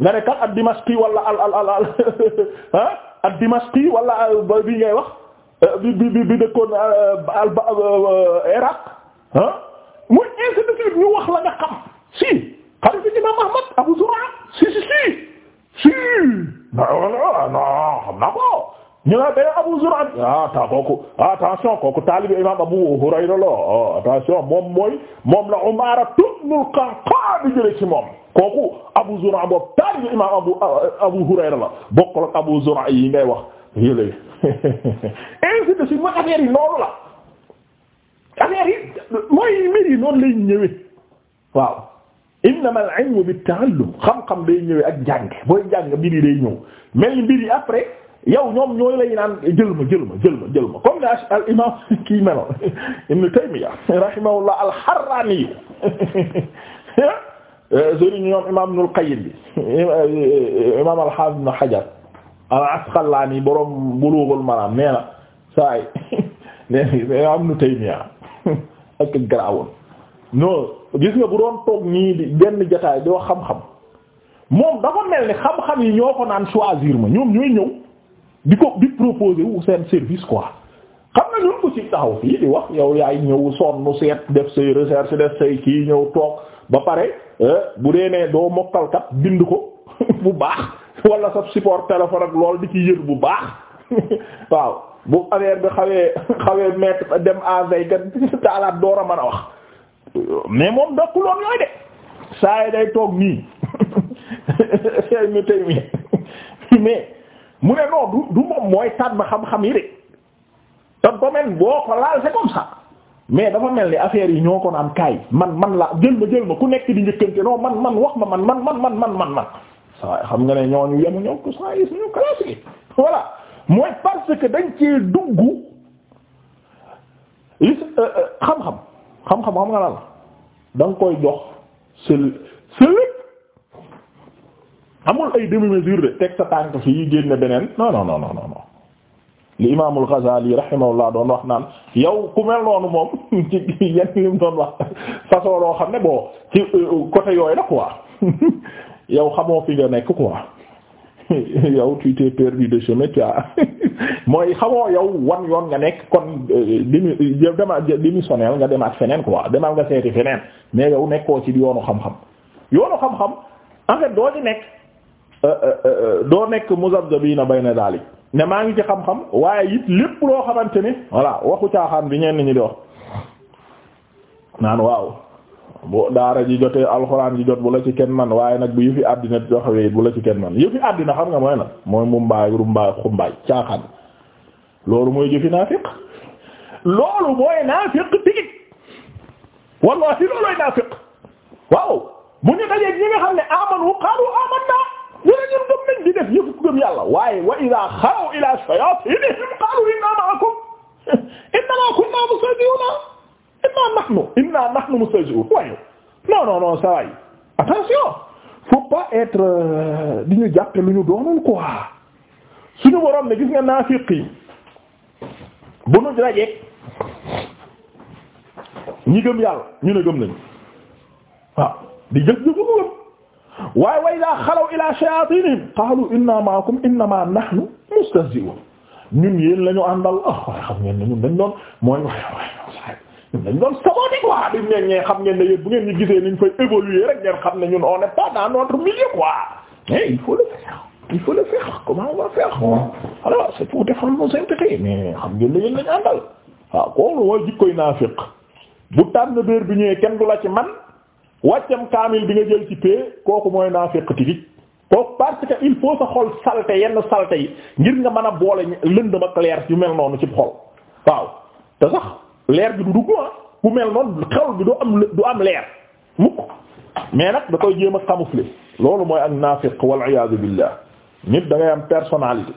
nga ne kat ad dimashqi wala al al al al ah ad dimashqi wala bi ngay wax euh, bi bi bi dëkkoon euh, al euh, Iraq ah muy ainsi de suite ñu wax la nga xam si xarit imam Ahmad Abu Zur'a si si si si non non xam naa ko ñu ne day Abu Zur'a ah taa kooku attention kooku taalibe imam Abu Hurayra la ah, attention moom mooy moom la Umaara ibn al-Qanqaa bi jëlee ci moom. kooku Abu Zur'a boobu taal yu imaam Abu Abu la bokkul ak Abu Zur'a yi ngay wax yële ainsi de suite mooy affaire yi la affaire yi mooy mbir yi noonu lay ñëwee al-ilmu bit-ta'allum xam-xam day ñëwee ak jàng booy jàng bi yi day ñëw mel ni mbir après yow ñoom ñooy lay naan jël ma jël ma jël ma jël ma comme la al imam kii meloon Ibn Taymiyya rahimahullah al-Harrani sëriñ ñoom imaam Ibnul Qayyim bi imaam al-Haafiz Ibn Hajar al-Asqalaani borom Buluughul Maraam nee saa yi nee am nu Taymiya ak garaawul non gis nga bu doon toog nii di benn jotaay doo xam-xam moom dafa mel ni xam-xam yi ñoo ko naan choisir ma ñoom ñooy ñëw di ko di proposer wu seen service quoi. xam na ñun ko ci taxaw fii di wax yow yaay ñëw sonn seet def say recherche def say kii ñëw toog. ba pare euh, bu dee ne doo mokkal kat bind ko bu baax walla sa support téléphone ak lool di ci yër bu baax waaw bu affaire bi xawee xawee mettre dem envey taalaat door a mën a wax mais moom dokkuloon yooyu de saa yi day toog nii say mu ne non du du moom mooy tànn xam-xam yi de te domaine boo ko laal c'est comme ça mais dafa mel ni affaire yi ñoo ko naan kaay man man laa jël ma jël ma ku nekk di njëkkante non man man wax ma man man man man man man man saa xam nga ne ñooñu yemu ñoo ko saa yi suñu mooy parce dañ cee dugg euh, euh, xam-xam xam-xam nga lan la da koy jox sa sa amul ay demi-mesure de teg sa tànk fii génne beneen non non non li imaamul Ghazali rahimahullah doon wax naan yow ku mel noonu moom ci yenn lim doon wax façon loo xam ne boo ci euh, côté yooyu la quoi yow xamoo fi nga nekk ko yow tu t'es perdu de chemin tu as mooy xamoo yow wan yoon nga nekk kon euh, dimi dema démissionnel nga dem ak feneen quoi demal nga seeti feneen mais yow nekkoo ci yoonu xam-xam yoonu xam-xam en doo di nekk euh, doo nekk muzabzabina bayna dalik ne maa ngi ci xam-xam waaye it lépp loo xamante ni voilà waxu caaxaan bi ñenn ñi di wax naan waaw bu daara ji jotee alxuraan ji jot bu la ci kenn man waaye nag bu yëfi àddina doxewee bu la ci kenn xam nga mooy nag mooy mumbaay rumbaay xumbaay caaxaan loolu mooy jëfi naafiq loolu mooy naafiq tigit wallahi loolooy naafiq waaw bu ñu dajee ñi nga xam ne amanu qalu amanna ñu ne ñun gëm nañ di def yëfu gëm yàlla waaye wa idaa xalaw ilaa shayaatiinihim qaalu innaa ma'akum innamaa kunnaa mustahzi'uuna innaa nahnu innaa nahnu mustahzi'uun waaye non non non ça attention faut pas être euh, di ñu jàppe lu ñu doonul quoi suñu borom ne gis nga naafiq bu nu rajeeg ñi gëm yàlla ñu ne gëm nañ waaw di jëf jëf ko gëm waaye wa idaa xalaw ilaa shayaatiinihim qaalu innaa ma'akum innamaa nahnu mustahzi'uun ñun yéen la àndal ah, waaye xam ngeen ne ñun dañ doon mooy waaye waaye waaye dañ doon saboté quoi xam ngeen ne bu ngeen ñu gisee niñ fay évoluer rek ngeen xam ne ñun on n'est pas dans notre milieu quoi mais il faut le faire il faut le faire comment on va faire alors c'est pour défendre nos intérêts mais xam ngeen ne yéen lañu àndal waaw ah, kooku mooy jikkoy naafiq bu tànn béer bi ñëwee kenn du la ci man wàccam kaamil bi nga jël ci pee kooku mooy naafiq tigij kooku parce que il faut sa xol salte yenn salte yi ngir nga mën a boole lëndëm ak leer yu mel noonu cib xol waaw te sax leer bi du dugg ah bu mel noonu xol bi du am du am leer mukk mais nag da koy jéem a camoufler loolu mooy ak naafiq wal iyaadu billah nit da am personnalité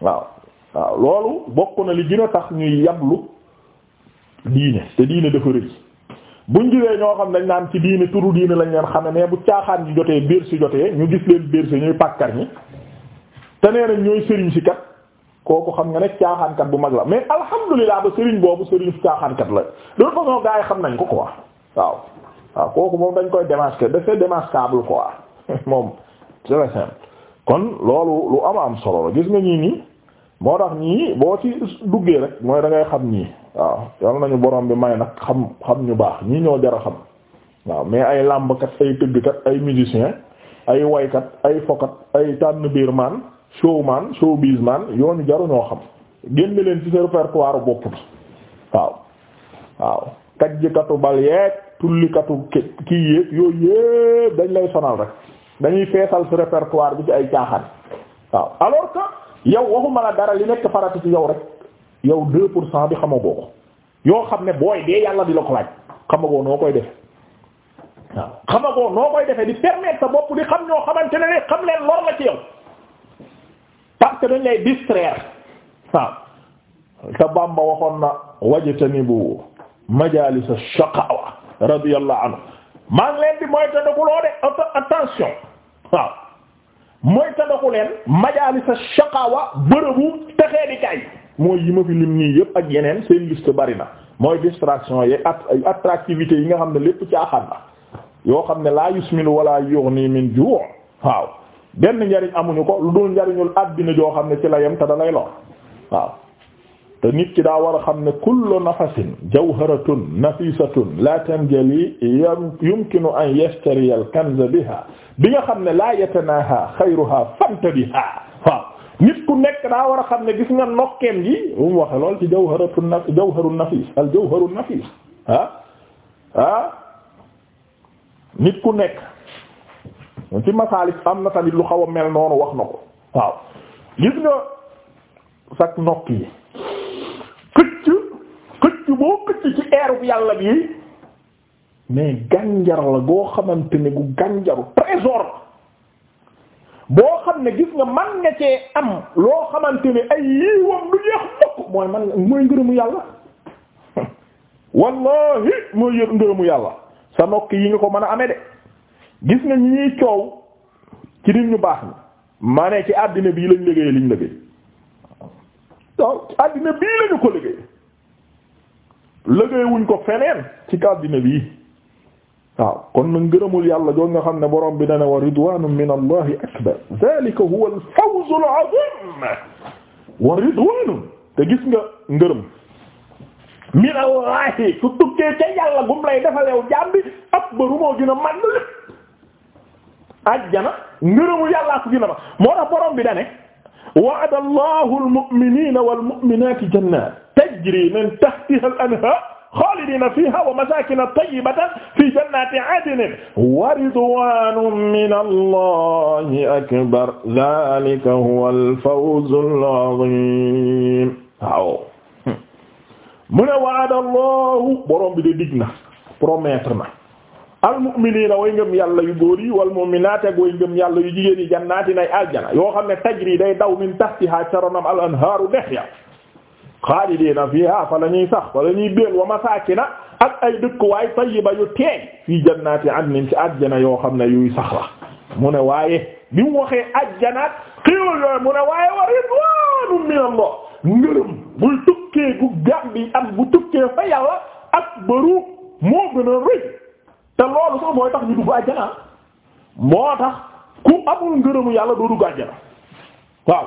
waaw waaw loolu bokk na li gën a tax ñuy yablu diine te diine dafa rëy buñ gisee ñoo xam dañ naan ci diini turu diini lañ leen xame mais bu caaxaan ji jotee biir si jotee ñu gis leen biir si ñuy pàkkar ñi te nee nañ ñooy sëriñ si kat kooku xam nga ne caaxaankat bu mag la mais alhamdulilah ba sëriñ boobu sëriñ si caaxaankat la de toute façon gars yi xam nañ ko quoi waaw waaw kooku moom dañ koy démasquer dafay démasquable quoi moom c'est vrai simple kon loolu lu am am solo la gis nga ñii nii moo tax nii boo ci duggee rek mooy da xam ñii waaw yal nañu borom bi may nag xam xam ñu baax ñii ñoo jar a xam waaw mais ay làmbkat ay tëggkat ay musicien ay waykat ay fokat ay tànn biir man showman showbiz man yoonu jaru ñoo xam génn leen ci sa répertoire bopp bi waaw waaw kajjkatu bal yeeg tullikatu kii yéeg yooyu yépp dañ lay sonal rek dañuy feesal sa répertoire bi ci ay caaxaan waaw alors que yow waxuma la dara li nekk farata ci yow rek yow deux pour cent bi xama boo yoo xam ne booy dee yàlla di la ko laaj xamagoo noo koy defe waaw xamagoo noo koy defe di permettre sa bopp di xam ñoo xamante ne ne xam leen lor la ci yow parce que lay distraire waaw te waxoon na wajtanibu majalis ash-shaqawa radiyallahu anhu maa ngi leen di mooy ta dakuloo de attention waaw mooy leen majalis ash-shaqawa bërëbu texee di kay mooy yi ma fi lim nii yëpp ak yeneen seen liste bari na mooy distraction yeeg at attractivité yi nga xam ne lépp caaxaan na yoo xam ne laa yusminu wala yughni min ju' waaw benn njariñ amuñu ko lu dul njariñul àddina joo xam ne ci la yem te dalay lay lor waaw te nit ki daa war a xam ne kullu nafasin jawharatun nafisatun la tanjali yumkinu an yashtari al kanza biha bi nga xam ne laa la yatanaha xayruha fantabiha waaw nit ku nekk daa war a xam ne gis nga nokkeem ji mu waxe lool ci jawharatu naf jawharu nafis al jawharu nafis ah ah nit ku nekk ci masaalik am na tamit lu xaw a mel noonu wax na ko waaw gis nga sak nokk yi xëcc xëcc boo xëcc ci eeru yàlla bi mais gànjar la goo xamante ne gu gànjaru trésor boo xam ne gis nga man nga cee am loo xamante ne ay yiiwam du jeex mukk mooy man mooy ngërëmu yàlla wallahi mooy yër ngërëmu yàlla sa nokk yi nga ko mën a ame de gis nga ñi ñuy coow ci nit ñu baax ni ma ci àddina bii lañ liggéey liñ liggéey waaw àddina bii lañu ko liggéey liggéey wuñ ko feneen ci àddina bii waaw kon nag ngërëmul yàlla doon nga xam ne borom bi dana wa ridwanun min allahi akbar zalika huwa al fawz al azim wa ridwanun te gis nga ngërëm min allahi su tukkee ca yàlla gum lay defal yow jàmbi akbaru moo gën a màgg lépp ajjana ngërëmul yàllaa ko gën a ma moo tax borom bi dane wa'ada allahu al mu'minina wal mu'minati jannat tajri min tahtiha al anhar xaalidina fiihaa wa masaakina tayyibatan fii jannaati adnin wa ridwaanun mina Allaahi akbar zaalika huwal fawzul aziim waaw mu ne wa'ada Allaahu borom bi de dig na promettre na almu'miniina way ngëm yàlla yu góor yi wal mu'minaat ak way ngëm yàlla yu jigéen yi jannaatin ay aljana yoo xam ne tajri day daw min tahtihaa ca ronam al anhaaru dex ya xaalidiina fiihaa fa la ñuy sax fa la ñuy béel wa masaakina ak ay dëkkuwaay tayyiba yu teey fii jannaati adnin ci àjjana yoo xam ne yuy sax la mu ne waaye bi mu waxee àjjanaat xéewal yooyu mu ne waaye wa ridwaanun ngërëm buy tukkee gu gàm am bu tukkee fa yàlla ak bëru moo gën a rëy te loolu sax mooy tax ñu dugg àjjana moo tax ku amul ngërëmu yàlla doo dugg àjjana waaw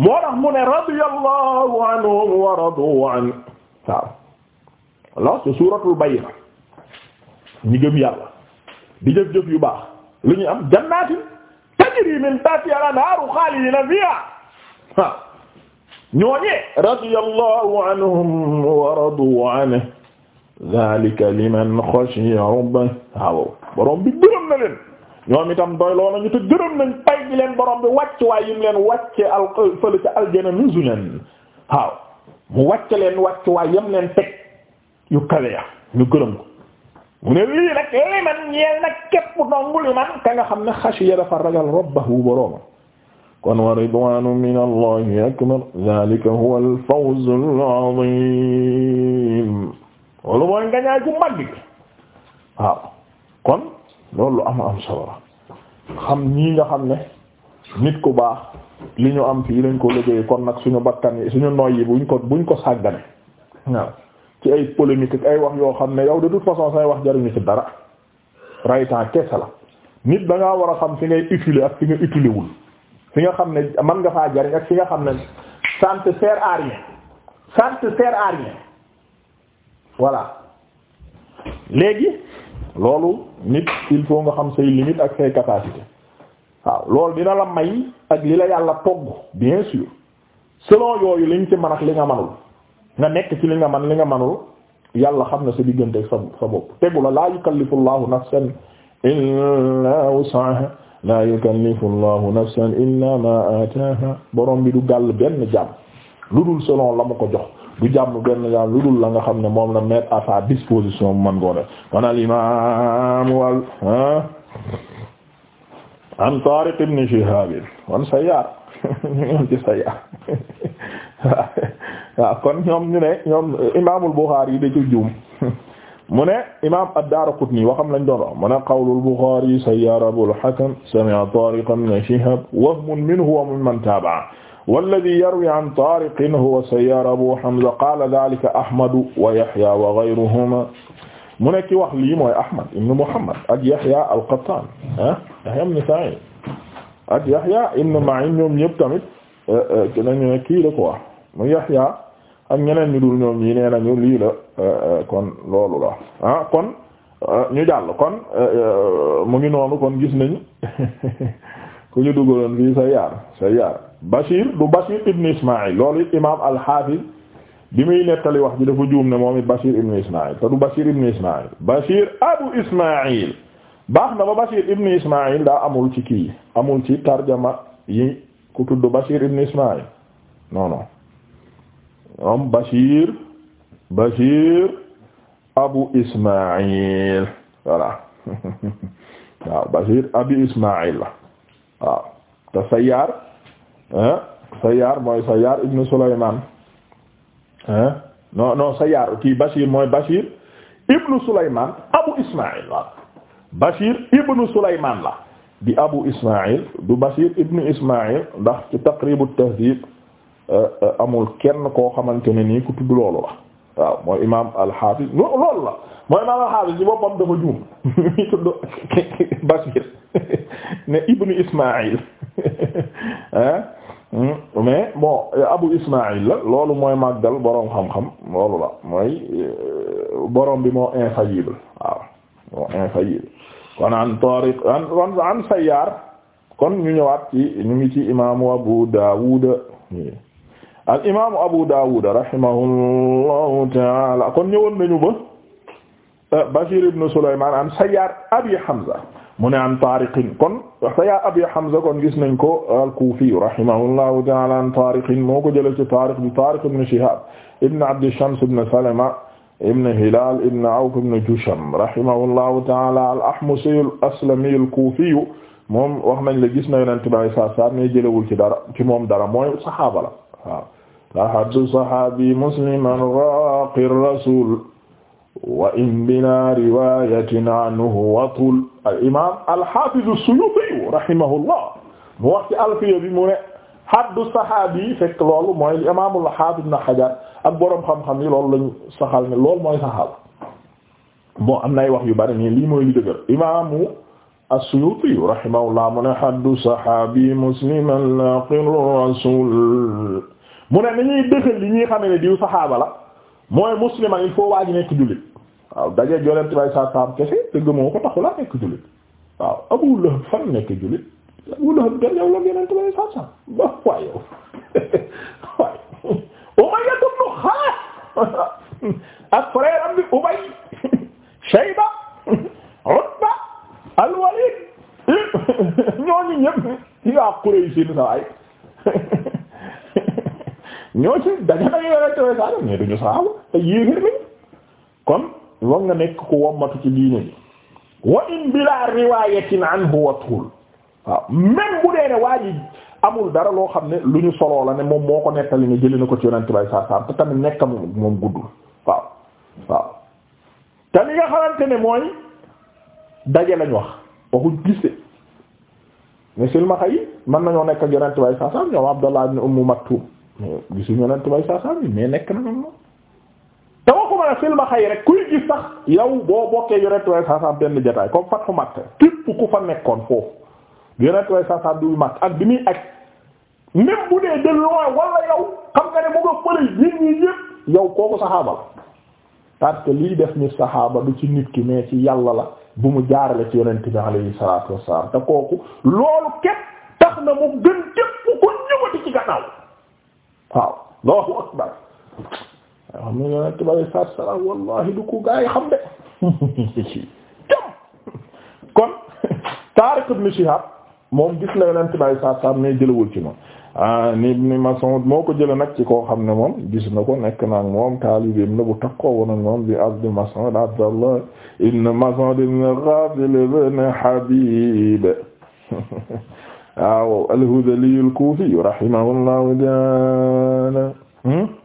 moo tax mu ne radiyallahu anhum wa radu an waaw la su suuratul bayna ñi gëm yàlla di jëf jëf yu baax lu ñuy am jannaatin tajri min tahtiha al-anhaaru xaalidiina fiihaa waaw ñooñee radiyallahu anhum wa radu anhu zaalika liman xashiya rabbahu waaw borom bi gërëm na leen ñoom itam doy loo nañu te gërëm nañ pay leen borom bi wàcc waaye yim leen wàcce al fële ca aljana nuzulan waaw mu wàcce leen wàcc waaye yam leen teg yu kawe ñu gërëm ko mu ne lii nag li man ñeel nag képp man ka nga xam ne xashiya dafa ragal rabbahu borom kon wa ridwaanu min allahi akbar zalika huwa al fawzul azim wala mooy ngañaay ku mag waaw kon loolu am am solo la xam ñii nga xam ne nit ku baax li ñu am fii lañ ko liggéey kon nag suñu bakkan yi suñu noy yi buñ ko buñ ko sàggane waaw ci ay polémique ak ay wax yoo xam ne yow de toute façon say wax jariñu ci dara raytan kese la nit danga war a xam fi ngay utile ak fi nga utile wul fi nga xam ne man nga faa jariñ ak fi nga xam ne ça fer sert à rien ça ne léegi loolu nit il faut nga xam sa limite ak say capacité waaw loolu dina la may ak li la yàlla togg bien sûr selon yooyu liñ ci mën ak li nga manul nga nekk ci li nga man li nga manul yàlla xam na sa diggante ak sa bopp tegu la laa yukallifu llahu nafsan illa wusaha laa yukallifu ma ataaha borom bi du gàll benn jàmm lu dul selon la mu ko jox du jàmm benn jàmm lu dul la nga xam ne moom la mettre à sa disposition bu mën koo def kon al ah, an Tariq ibn Shihab wan Sayyar ñu ngi ci Sayyar waaw kon ñoom ñu ne ñoom imaamul Bukhari yi da ci juum mu ne imaam ad-Daraqutni waxam lañ doon wax mu ne qawlul Bukhari Sayyar Abul Hakam sami'a Tariq ibn Shihab wahmun minhu wa mimman tabi'ahu walladi yarwi an tariqin huwa sayyar abu hamza qala dhalika ahmadu wa yahya wa ghayruhuma mu nekk wax lii mooy ahmad ibn muhammad ak yahya al-qattan ah yahya ibn sa'id ak yahya ibn ma'in ñoom ñëpp tamit eh, eh, nañu ne kii ko wax mu yahya ak ñeneen ñu dul ñoom nañu lii la eh, kon loolu la ah, kon ñu jàll kon mu ngi noonu kon gis nañu ku ñu dugaloon fii sayyar sayyar Bashir du Bashir ibn Ismaïl loolu it imaam al bi muy nettali wax ji dafa juum ne moom it Bashir ibn Ismaïl te du Bashir ibn Ismaïl Bashir abu Ismaïl baax na ba Bashir ibn Ismaïl daa amul ci kii amul ci tarjama yi ku tudd Bashir ibn Ismaïl non non moom Bashir Bashir abu Ismaïl voilà waaw Bashir abu Ismaïl la waaw te Sayyaar Sayyaar mooy Sayyaar ibn Sulaymaan non non Sayyaar kii Bashir mooy Bashir ibn Sulaymaan Abu Ismaïl Bashir ibn Sulaymaan la di Abu Ismaïl du Bashir ibn Ismaïl ndax ci Taqrib at-Tahdhib euh, euh, amul kenn koo xamante ne nii ku tudd loolu la mooy imaam al-Hafiz loolu la mooy imaam al boppam dafa juum Bashir ne ibn Ismaïl ah. Hmm? mais bon Abu Ismaïl la loolu mooy màggal boroom xam-xam loolu la mooy euh, borom bi moo infaillible waaw moo kon an tariq an an kon ñu ñëwaat ci ñu ngi ci imaamu Abu Daawud al imaamu Abu Daawud rahimahullahu ta'ala kon ñëwoon nañu ba euh, Bashir ibn Sulaymaan an Sayyaar Abi Hamza mu ne an tariqin kon sa yaa abi hamza kon gis nañ ko al-kufi rahimahullahu ta'ala an tariqin moo ko jëlee ci tariq bi tariq ibn shihab ibn abd shams ibn salama ibn hilal ibn awf ibn jusham rahimahullahu ta'ala al-ahmusi al-aslami al-kufi moom wax nañ la gis na yonent bi saa saa ne jëlewul ci dara ci moom dara mooy saxaaba la waaw la haddu saxaabi musliman raqi rasul wa in bila riwayatin anhu watul al imaam al haafiz as-Suyuuti rahimahullah mu wax ci alfiya bi mu ne haddu saxaabi yi fekk loolu mooy li imaamul haafiz ibn Hajar ak boroom xam-xam yi loolu lañu saxal ne loolu mooy saxaaba bon am nay wax yu bari nii lii mooy li dëgër imaamu as-Suyuuti rahimahullah mu ne haddu saxaabi musliman laqiru rasul mu ne ni ñuy dëxal li ñuy xamee ne diw saxaaba la mooy musliman il faut waa ji nekk jullit waaw dajeeg yonent bay saa saam kese te gëmoo ko taxulaa nekk jullit waaw Abu Lahab fan nekk jullit Abu Lahab der yow la yonent bay saa saam ba waay yow waay Umayya ibn Khalaf ak frère am bi Ubay Shayba Utba al-Walid ñooñu ñëpp ci waa Quraysh sin sa waay ñoo ci daje na yonent bay saa saam mais duñu saxaaba te yéefir mi kon war nga nekk ku wommatu ci diine bi wa in bila riwayatin anhu wa tul waaw même bu dee ne waa amul dara loo xam ne lu ñu soloo la ne moom moo ko nettali ne jëli na ko ci yonent bay saa saa te tamit nekk moom guddul waaw waaw te li nga xamante ne mooy daje lañ wax waxuñ gise mais silmaxa yi mën nañoo nekk ak yonent bay saa saa ñoom Abdallah ibn Ummu Maktum mais gisuñu yonent bay nekk na noonu te waxuma ne silmaxa yi rek kuy gis sax yow boo bokkee yonent way saasaam benn jotaay comme Fathu Makka képp ku fa nekkoon foofu yonent way saasaam du Makka ak bi muy ak même bu dee de loin wala yow xam nga ne mu nga fële nit ñi yëpp yow kooku saxaaba la parce que def ni saxaaba du ci nit ki mais ci yàlla la bu mu jaarale ci yonent bi alayhi salaatu wassalaam te kooku loolu képp tax na mu gën képp ku ñëwati ci gannaaw waaw Allahu akbar waaw mu wallahi du ko gaa yi xam de kon Tariq ibn Shihab moom gis na yonent bi alei salaatu salaam mais ci moom ah, ni Ibn Mas'ud moo ko jële nag ci koo xam ne moom gis na ko nekk naag moom taalibeem na bu takkoo woon ak moom bi Abd Mas'ud Abdallah ibn Mas'ud ibn Ghafil ibn Habib waaw al-Hudhali al-Kufi rahimahullahu ta'ala hmm?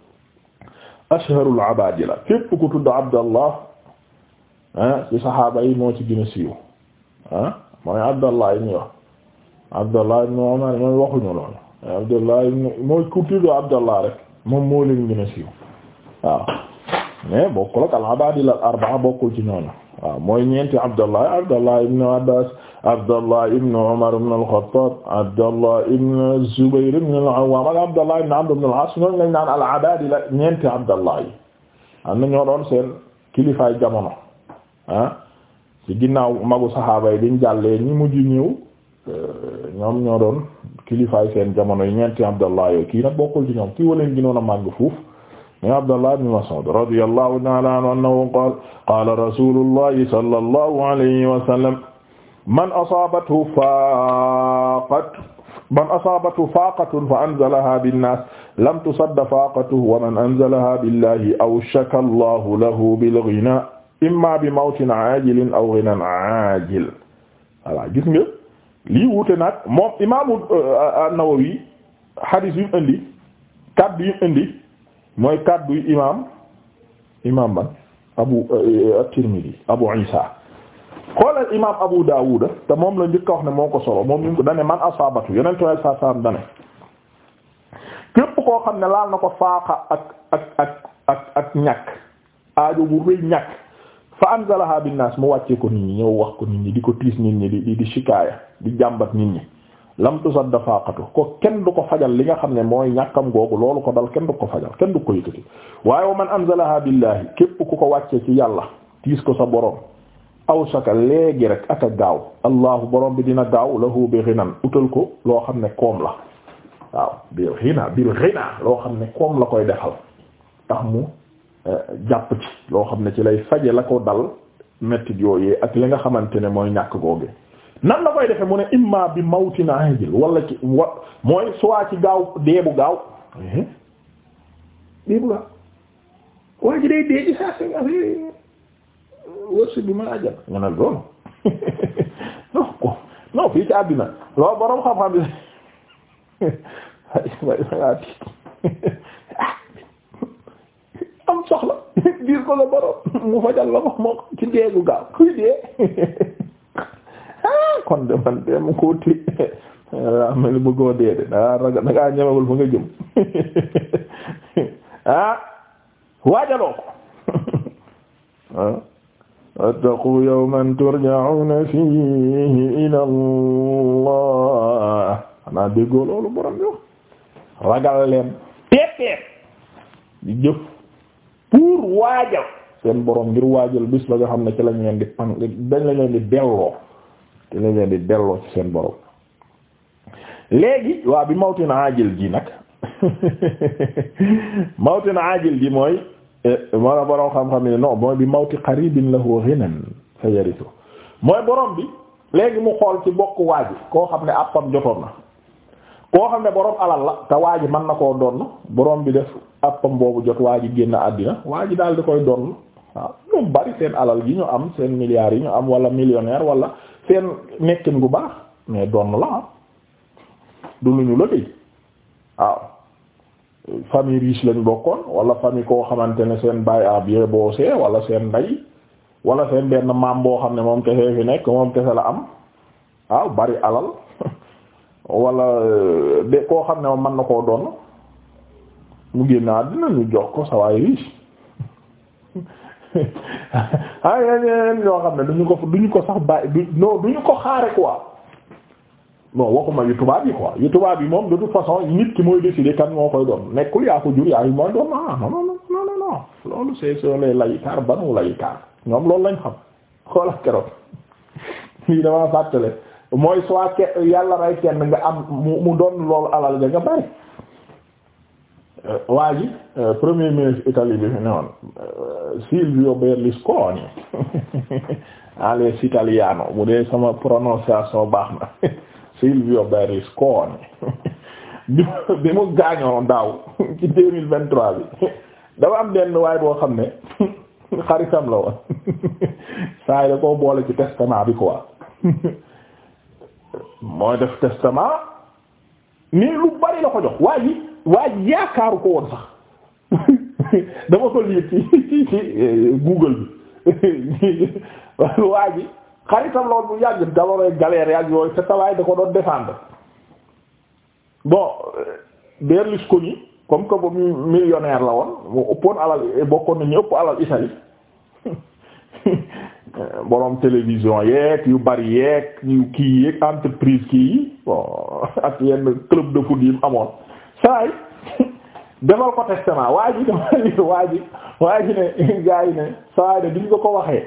asharul abadila képp ku tudd abdallah ah ci saxaaba yi moo ci gën a siiw ah mooy abdallah ibn wax abdallah ibn umar mooy waxuñu loolu abdallah ibn mooy ku tudd abdallah rek moom moo leen gën a siiw mais bokkul ak al abadila al arba'a bokkul ci ñooñu waaw mooy ñeenti abdallah abdallah ibn abbas Abdallah ibn Umar ibn al-Khattab Abdallah ibn Zubayr ibn al-Awwam ak Abdallah ibn Amr ibn al-As ñooñu lañ naan al-Abadila ñeenti Abdallah yi am na ñoo doon seen kilifaay jamono ah ci ginnaaw magu saxaaba yi biñ jàllee ñi mujj ñëw euh, ñoom ñoo doon kilifaay seen jamono yi ñeenti Abdallah yooyu kii nag bokkul ci ñoom kii wala ñu gënoon a màgg fuuf. yaa Abdallah ibn Mas'ud radiyallahu ta'ala anhu qaala qaala rasuulullahi sallallahu alayhi wa sallam man asaabathu faaqat man asaabathu faaqatun fa anzalaha binnaas lam tusadda faaqatuhu wa man anzalaha billahi awshaka allahu lahu bilghina imma bi mawtin aajilin aw ghinan aajil voilà gis nga lii wuute nag moom imaamu euh, Nawawi hadith yu mu indi kaddu yu mu indi mooy kaddu yu imaam imaam man Abu euh, at-Tirmidhi Abu Isa xoolal imaam Abu Dawud te moom la njëkk wax ne moo ko solo moom ñu ko dane man asaabatu yeneen tool saa saa dane képp koo xam ne laal na ko faaxa ak ak ak ak ak aajo bu rëy ñàkk fa anzalaha binnaas mu wàccee ko nit ñi ñëw wax ko nit ñi di ko tiis nit ñi di di di shikaaya di jàmbat nit ñi lam tusadda faqatu ko kenn du ko fajal li nga xam ne mooy ñàkkam googu loolu ko dal kenn du ko fajal kenn du ko yëkkati waaye wa man anzalaha billahi képp ku ko wàccee ci yàlla tiis ko sa boroom awsaka léegi rek ak a gaaw allahu borom bi dina gaaw lahu bi xinan utal ko loo xam ne koom la waaw bil xina bil xina loo xam ne koom la koy defal tax mu eh, jàpp ci loo xam ne ci lay faje la ko dal mettit yooyee ak li nga xamante ne mooy ñàkk googe nan la koy defee mu ne imma bi mawtin ajil wala ci wa mooy soit ci gaaw deebu gaaw eh, deebu gaaw waa ji day dee ci saa si wërsëg bi mën a jël nga ne loolu non ko non fii ci àddina loolu borom xam-xam bi way dangaa tiit am soxla diir ko la borom mu fajal la ko moom ci deegu gaaw kuy dee ah, kon de man de mu koo té daa ah, mel bëggoo dee fa nga jëm ah waajaloo ko ah. wattaquu yawman turja'uuna fiihi ilaa Allah xanaa déggoo loolu borom yow ragal leen teet di jëf pour waajal seen borom ngir waajal bis ba nga xam ne ci lañ leen di pan dañ lañ leen di delloo ci lañ leen di delloo ci seen borom léegi waa bi mawtin aajil ji nag mawtin aajil ji mooy Eh, wala borom xam-xam yi non mooy bi mawti qaribin lahu ghinan fa yaritu mooy borom bi léegi mu xool ci bokk waaji koo xam ne àppam jotoon na koo xam ne borom alal la te waaji mën na koo donn boroom bi def àppam boobu jot waaji génn àddina waaji daal di koy donn waaw ñoom bari seen alal gi ñu am seen milliards yi ñu am wala millionnaire wala seen nekkin gu baax mais donn la du lu ñu lëgëy waaw. famille riche lañ bokkoon wala famille koo xamante ne seen baay a bien bossé wala seen ndey wala seen benn maam boo xam ne moom kese fi nekk moom kese la am waaw bari alal wala euh, de koo xam ne moom mën na koo doon mu génn àddina ñu jox ko sa waay riche ne duñu ko duñu ko sax bàyyi du non duñu ko xaare quoi. non waxuma yu tubaab yi quoi yu tubaab yi moom de toute façon nit ki mooy décider kan moo koy doon nekkul yaa ko jur yaa yu mooy doon ah non non non loolu c'est sur les layikaar banu layikaar ñoom loolu lañ xam xoolal keroog lii damaa fàttale mooy soit yàlla rey kenn nga am mu mu doon loolu alal da nga bari. Euh, waa ji euh, premier ministre Italie bi fi ne woon euh, Silvio Berlusconi alles italiano bu dee sama prononciation baax na. Silvio Berlusconi bi mu gaañoo daaw ci deux vingt trois bi dafa am benn waaye boo xam ne xaritam la woon saa yi da koo boole ci testament bi quoi mooy def testament nii lu bari la ko jox waa ji waa ji yaakaaru ko woon sax dama ko lii ci ci eh, Google bi waa ji xaritam loolu bu yàgg galore galère yàgg yooyu te sawaay da ko doon défendre bon euh, Berlusconi comme que boobu millionnaire la woon mu ëppoon alal bokkoon nañu ëpp alal Italie borom télévision yeeg yu bari yeeg yu kii yeeg entreprise kii yi bon ak yenn club de foot yi mu amoon sawaay demal ko testament waa ji dama lii waa ji waa ne gaa yi ne sawaay ne diñ ko ko waxee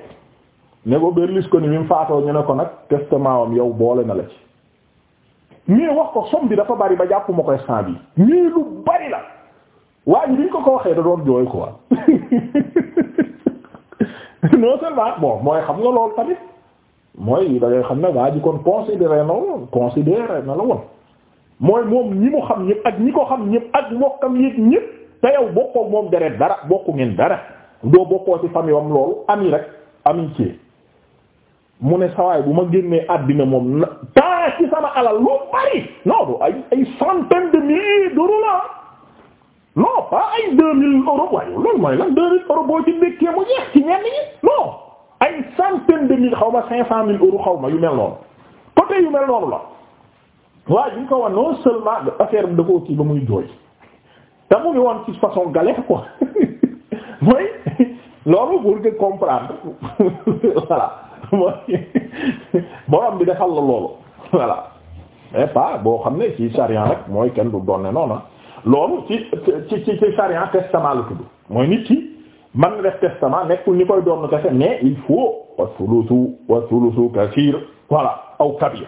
ne ko Berlusconi mi mu faatoo ñu ne ko nag testament am yow boole na la ci mais wax ko somme bi dafa bari ba jàppuma koy ko instant lu bari la waaye bi ko ko waxee da doon jooy quoi non seulement bon mooy xam nga loolu tamit mooy da xam ne waa kon considéré na woon considéré na la woon mooy moom ñi mu xam ñëpp ak ñi ko xam ñépp ak mbokkam yëpp ñëpp te yow bokkoo moom deret dara bokku ngeen dara doo bokkoo ci famille am loolu ami rek amitié mu ne sawaay bu ma génnee àddina moom taa ci sama alal lu bari non du ay ay centaine de milliers d'euros non pas ay deux mille euros waaye loolu mooy lan deux mille euros boo ci dékkee mu jeex ci ñenn ñi non ay centaine de mille xaw ma cinq cent mille euros xaw ma yu mel noonu côté yu mel noonu la waaye bi ñu ko wax non seulement affaire bi da koo kii ba muy jooy te mu ngi woon ci façon galère quoi mooy loolu pour que comprendre voilà borom bi defal la loolu voilà mais pas boo xam ne ci sharia rek mooy kenn du doon ne noonu ah. loolu ci ci ci ci sharia mooy nit ki man na def testament nekkul ni koy doon kese mais il faut wa sulusu wa sulusu aw kabir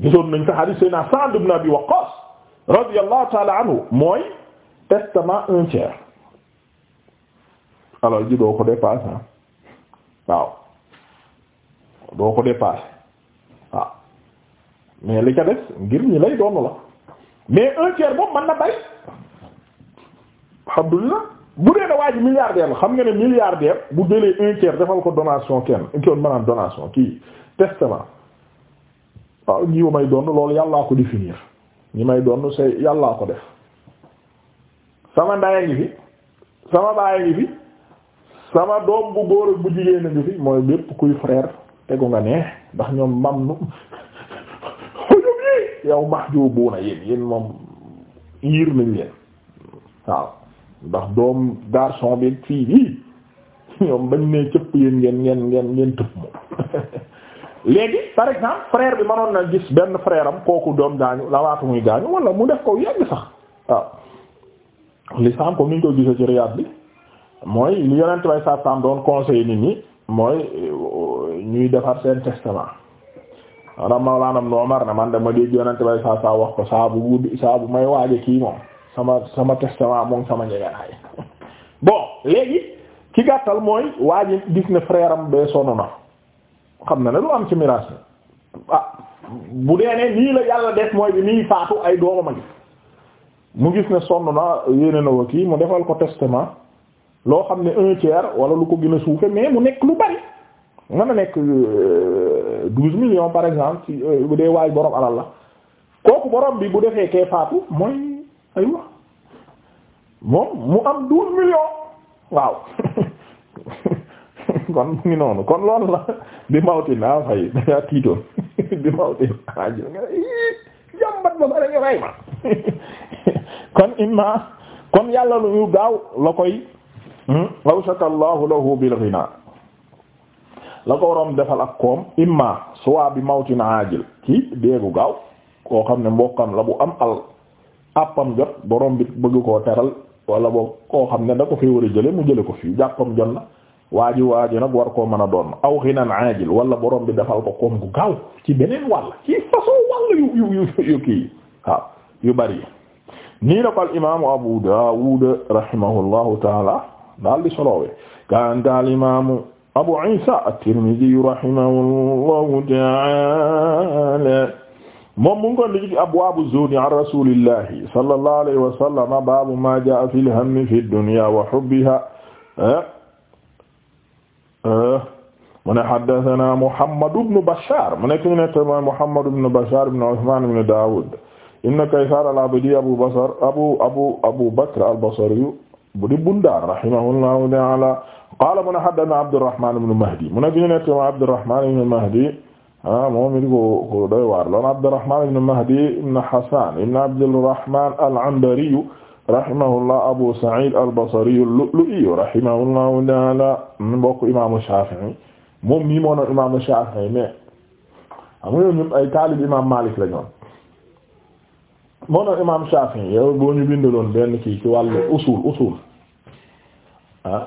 gisoon nañ ko hadith sayna Sa'd ibn Abi radiyallahu ta'ala anhu mooy testament un tiers alors ji doo ko dépasse waaw doo ko dépassé waaw mais li ca des ngir ñi lay doon la mais un tiers boobu mën na bari ji milliardaire xam nga ne milliardaire bu délee un tiers defal ko donation kenn kenn maanaam donation kii testament waaw ñi may doon loolu yàllaa ko définir ñi may doon c'est yàllaa ko def sama ndaya ngi fi sama baay ngi fi sama doom bu góor bu jigéen ngi fi mooy bépp kuy frère tegu nga ne ndax ñoom mam nu xujub yi yow mahjubuuna yéen yéen moom yiir nañ leen waaw ndax doom garçon bi fii bi ñoom bañ ne cëpp yéen ngeen ngeen ngeen ngeen tëb moom léegi par exemple frère bi mënoon na gis benn frère kooku doom gaañu lawaatu muy gaañu wala mu def ko yàgg sax waaw l'islam comme ni ñu ko gisee ci Riyad bi mooy li yonent bay sa sam doon conseiller nit ñi mooy euh, ñuy defar seen testament maanaam Mawlaana Ibn Umar ne man dama dégg yonente bay saa saa wax ko saa bu guddi saa bu may waaje kii moom sama sama testament moom sama njeganaay bon léegi ci gàttal mooy waaji gis ne frère am bee sonn na xam na ne lu am ci miraas ni ah bu dee ne nii la yàlla def mooy bi nii faatu ay doomam gis mu gis ne sonn na yéene na wa kii mu defal ko testament loo xam ne un wala lu ko gën a suufe mu nekk lu bari mën a nekk euh, douze millions par exemple euh, bu dee waay borom alal la kooku borom bi bu defee kee faatu mooy aywa moom mu am douze millions waaw kon mu ngi noonu kon loolu la bi mawtin a fay daa tiitoon bi mawtin a jël nga ba bari nga ray ma kon imma kon yàlla lu ñu gaaw Hmm? awshaka allahu lahu bil ghina la ko waroon defal ak koom imma suwaa bi mawtin aajil ci déegu gaaw koo xam ne mbokkam la bu am al àppam jot borom bi bëgg ko teral wala boobu koo xam ne da ko fi jële mu jële ko fi fii jàppam jot na waaji waaji nag war ko mën doon aw xinan aajil wala borom bi defal ko koom gu gaaw ci beneen wàll ci façon wàll yu yu kii waaw yu bari nii la ko al imaamu abu daawud rahimahullahu taala daal di solowee kantaal imaamu abu isa at-tirmidhi rahimahullahu ta'ala moom mu ngi koy liggéey abwaabu zuhdi an rasulillahi sallallahu alayhi wa sallam baabu ma jaa fi lhammi fi dunya wa hubbiha mu ne haddathana Muhammad ibn Bashar mu nekk ñu ne tamit Muhammad ibn Bashar ibn Uthman ibn Dawud ibn Kaysar al-Abdi Abu Basr Abu Abu Abu Bakr al-Basri bu di Bundaar rahimahullahu ta'ala qaala mu ne haddathana Abdurrahman ibn Mahdi mu ne bi ñu nekk Abdurrahman ibn Mahdi ah moom it ko ko doy waar lool Abdurrahman ibn Mahdi ibn Hasan ibn Abdurrahman al-Anbari rahimahullah Abu Sa'id al-Basri al-Lu'lu'i rahimahullahu ta'ala mbokk imaamu Shafi'i moom mii moo doon imaamu Shafi'i mais xam nga ñun ay taalib imaam Malik la ñoon moo tax imaam Shafi'i yow boo ñu bindaloon benn kii ci wàllu usul usul ah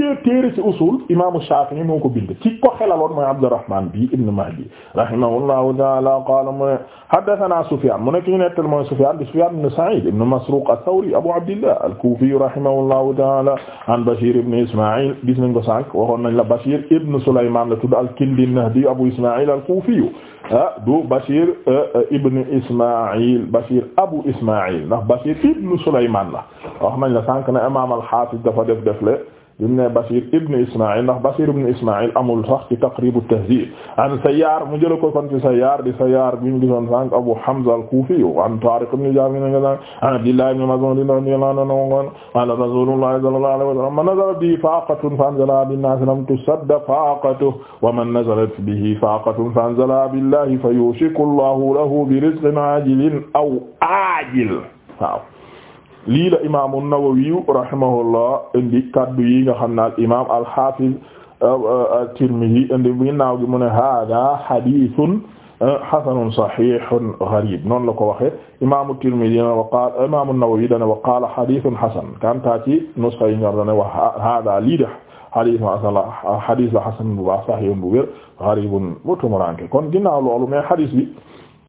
premier téere ci usul imaamu Shaafi'i moo ko bind ci ko xelaloon mooy Abdurrahmaan bi ibn Mahdi rahimahullahu ta'ala qaala mu ne haddathanaa Sufyaan mu ne ki ñu nettal mooy Sufyaan bi Sufyaan ibn Sa'iid ibn Masruuq ath-Thawri Abu Abdillah al-Kuufi rahimahullahu ta'ala an Bashiir ibn Ismaa'iil gis nañ ko sànq waxoon nañ la Bashiir ibn Sulaymaan la tudd al-Kindi an-Nahdi Abu Ismaa'iil al-Kuufi ah du Bashiir eh, eh, ibn Ismaa'iil Bashiir Abu Ismaa'iil ndax Bashiir ibn Sulaymaan la wax nañ la sànq ne imaam al-Haafiz dafa def defle bim ne Bashir ibn Isma'il ndax Bashir ibn Isma'il amul sax ci Taqrib at-Tahdhib an Sayyar mu jël ko kon ci Sayyar di Sayyar bi mu gisoon sànq Abu Hamza al-Kufi an Tariq ibn Ja'far an Abdillah ibn Mas'ud radiyallahu anhu qala Rasulullah sallallahu alayhi wa sallam man nazala bihi faqatun fa anzala bin-nas lam tusadd faqatuhu wa man nazalat bihi faqatun fa anzala billahi fayushiku Allahu lahu bi rizqin ajilin aw ajil waaw lii la imaam an-Nawawi rahimahullah indi kaddu yi nga xam ne al imaam al-Hafiz at-Tirmidhi euh, euh, indi ginnaaw gi mu ne hada euh, la ko waxee imaamu Tirmidhi dana wa qaala imaamu an dana wa qaala hadithun hasan kanta ci nusxa yi ñor dana wa hada lii de hasan bu baax sahihun bu wér gharibun bu tumuranke kon ginnaaw loolu mais hadith bi